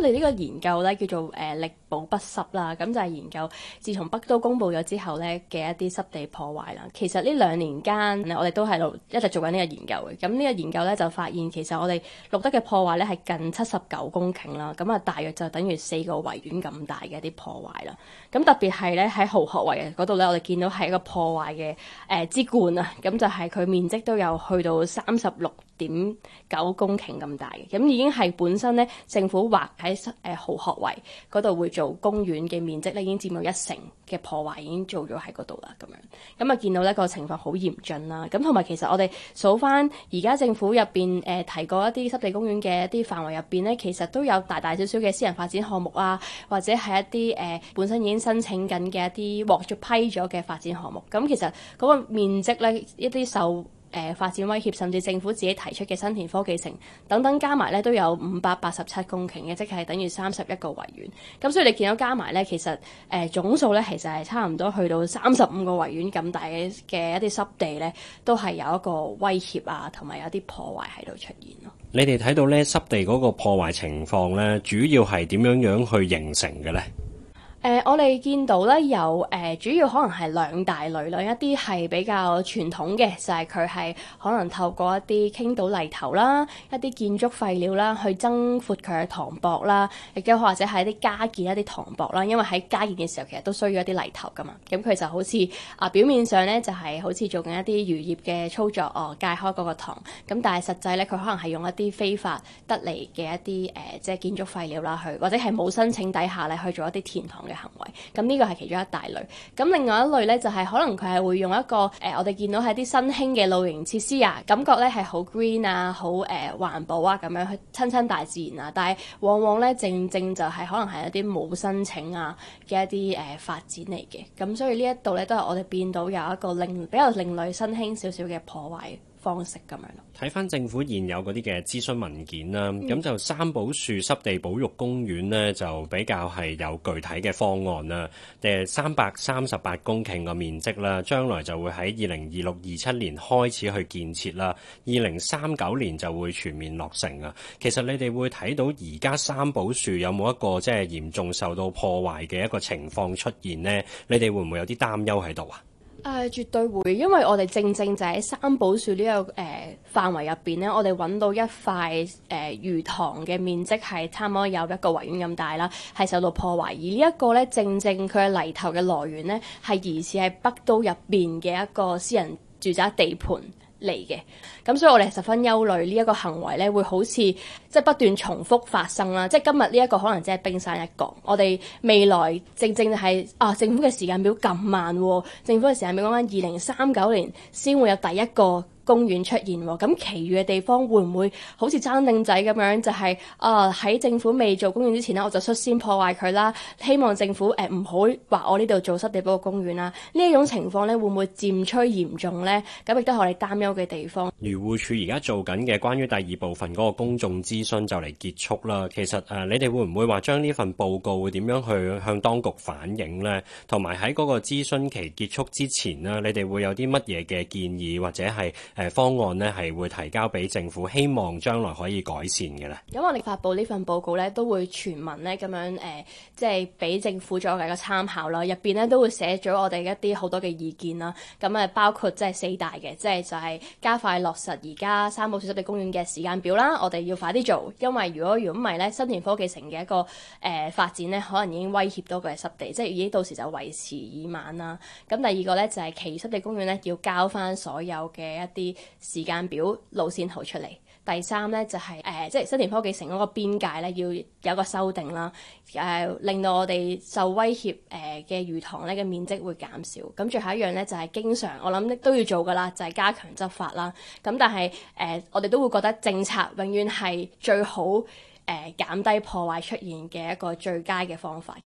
我哋呢個研究呢，叫做誒、呃、力保不濕啦，咁就係研究自從北都公布咗之後呢嘅一啲濕地破壞啦。其實呢兩年間，我哋都係一路一直做緊呢個研究嘅。咁呢個研究呢，就發現，其實我哋錄得嘅破壞呢，係近七十九公頃啦，咁啊大約就等於四個維園咁大嘅一啲破壞啦。咁特別係呢喺蠔殼圍嗰度呢，我哋見到係個破壞嘅誒之冠啊，咁就係佢面積都有去到三十六點九公頃咁大嘅，咁已經係本身呢政府劃喺誒、呃、蠔殼圍嗰度會做公園嘅面積咧，已經佔到一成嘅破壞已經做咗喺嗰度啦，咁樣咁啊見到呢個情況好嚴峻啦。咁同埋其實我哋數翻而家政府入邊誒提過一啲濕地公園嘅一啲範圍入邊呢，其實都有大大小小嘅私人發展項目啊，或者係一啲誒、呃、本身已經申請緊嘅一啲獲咗批咗嘅發展項目。咁其實嗰個面積呢，一啲受誒、呃、發展威脅，甚至政府自己提出嘅新田科技城等等加埋咧，都有五百八十七公頃嘅，即係等於三十一個維園咁。所以你見到加埋咧，其實誒、呃、總數呢，其實係差唔多去到三十五個維園咁大嘅一啲濕地呢，都係有一個威脅啊，同埋有啲破壞喺度出現咯。你哋睇到呢濕地嗰個破壞情況呢，主要係點樣樣去形成嘅呢？誒、呃，我哋見到咧有誒、呃，主要可能係兩大類，啦，一啲係比較傳統嘅，就係佢係可能透過一啲傾倒泥頭啦，一啲建築廢料啦，去增闊佢嘅塘壆啦，亦都或者係一啲加建一啲塘壆啦。因為喺加建嘅時候，其實都需要一啲泥頭㗎嘛。咁佢就好似啊，表面上咧就係、是、好似做緊一啲漁業嘅操作，哦，界開嗰個塘。咁但係實際咧，佢可能係用一啲非法得嚟嘅一啲誒、呃，即係建築廢料啦，去或者係冇申請底下咧去做一啲填塘嘅行為，咁呢個係其中一大類。咁另外一類呢，就係、是、可能佢係會用一個誒、呃，我哋見到係啲新興嘅露營設施啊，感覺呢係好 green 啊，好誒、呃、環保啊咁樣去親親大自然啊。但係往往呢，正正就係可能係一啲冇申請啊嘅一啲誒、呃、發展嚟嘅。咁所以呢一度呢，都係我哋變到有一個另比較另類新興少少嘅破壞方式咁樣咯，睇翻政府現有嗰啲嘅諮詢文件啦，咁、嗯、就三寶樹濕地保育公園呢，就比較係有具體嘅方案啦。嘅三百三十八公頃嘅面積啦，將來就會喺二零二六二七年開始去建設啦，二零三九年就會全面落成啊。其實你哋會睇到而家三寶樹有冇一個即係嚴重受到破壞嘅一個情況出現呢？你哋會唔會有啲擔憂喺度啊？誒、呃，絕對會，因為我哋正正就喺三寶樹呢、這個誒、呃、範圍入邊呢，我哋揾到一塊誒、呃、魚塘嘅面積係差唔多有一個維園咁大啦，係受到破壞。而呢一個呢，正正佢嘅泥頭嘅來源呢，係疑似喺北都入邊嘅一個私人住宅地盤。嚟嘅。咁，所以我哋十分憂慮呢一個行為咧，會好似即係不斷重複發生啦。即係今日呢一個可能真係冰山一角，我哋未來正正係啊政府嘅時間表咁慢，政府嘅時間表講緊二零三九年先會有第一個。公園出現，咁其餘嘅地方會唔會好似爭領仔咁樣？就係、是、啊，喺、呃、政府未做公園之前呢，我就率先破壞佢啦。希望政府誒唔好話我呢度做濕地嗰個公園啦。呢一種情況咧，會唔會漸趨嚴重呢？咁亦都係我哋擔憂嘅地方。漁護署而家做緊嘅關於第二部分嗰個公眾諮詢就嚟結束啦。其實誒、啊，你哋會唔會話將呢份報告會點樣去向當局反映呢？同埋喺嗰個諮詢期結束之前呢，你哋會有啲乜嘢嘅建議或者係。誒方案呢係會提交俾政府，希望將來可以改善嘅咧。咁我哋發布呢份報告呢，都會全文呢咁樣誒，即係俾政府作為一個參考啦。入邊呢都會寫咗我哋一啲好多嘅意見啦。咁、啊、誒包括即係四大嘅，即係就係加快落實而家三寶樹濕地公園嘅時間表啦。我哋要快啲做，因為如果如果唔係呢，新田科技城嘅一個誒、呃、發展呢，可能已經威脅到佢嘅濕地，即係已經到時就為時已晚啦。咁、啊、第二個呢，就係、是、其異濕地公園呢，要交翻所有嘅一啲，時間表路線圖出嚟。第三呢，就係誒，即係新田科技城嗰個邊界呢，要有個修訂啦。誒，令到我哋受威脅誒嘅魚塘呢嘅面積會減少。咁最後一樣呢，就係經常我諗都要做噶啦，就係加強執法啦。咁但係誒，我哋都會覺得政策永遠係最好誒減低破壞出現嘅一個最佳嘅方法。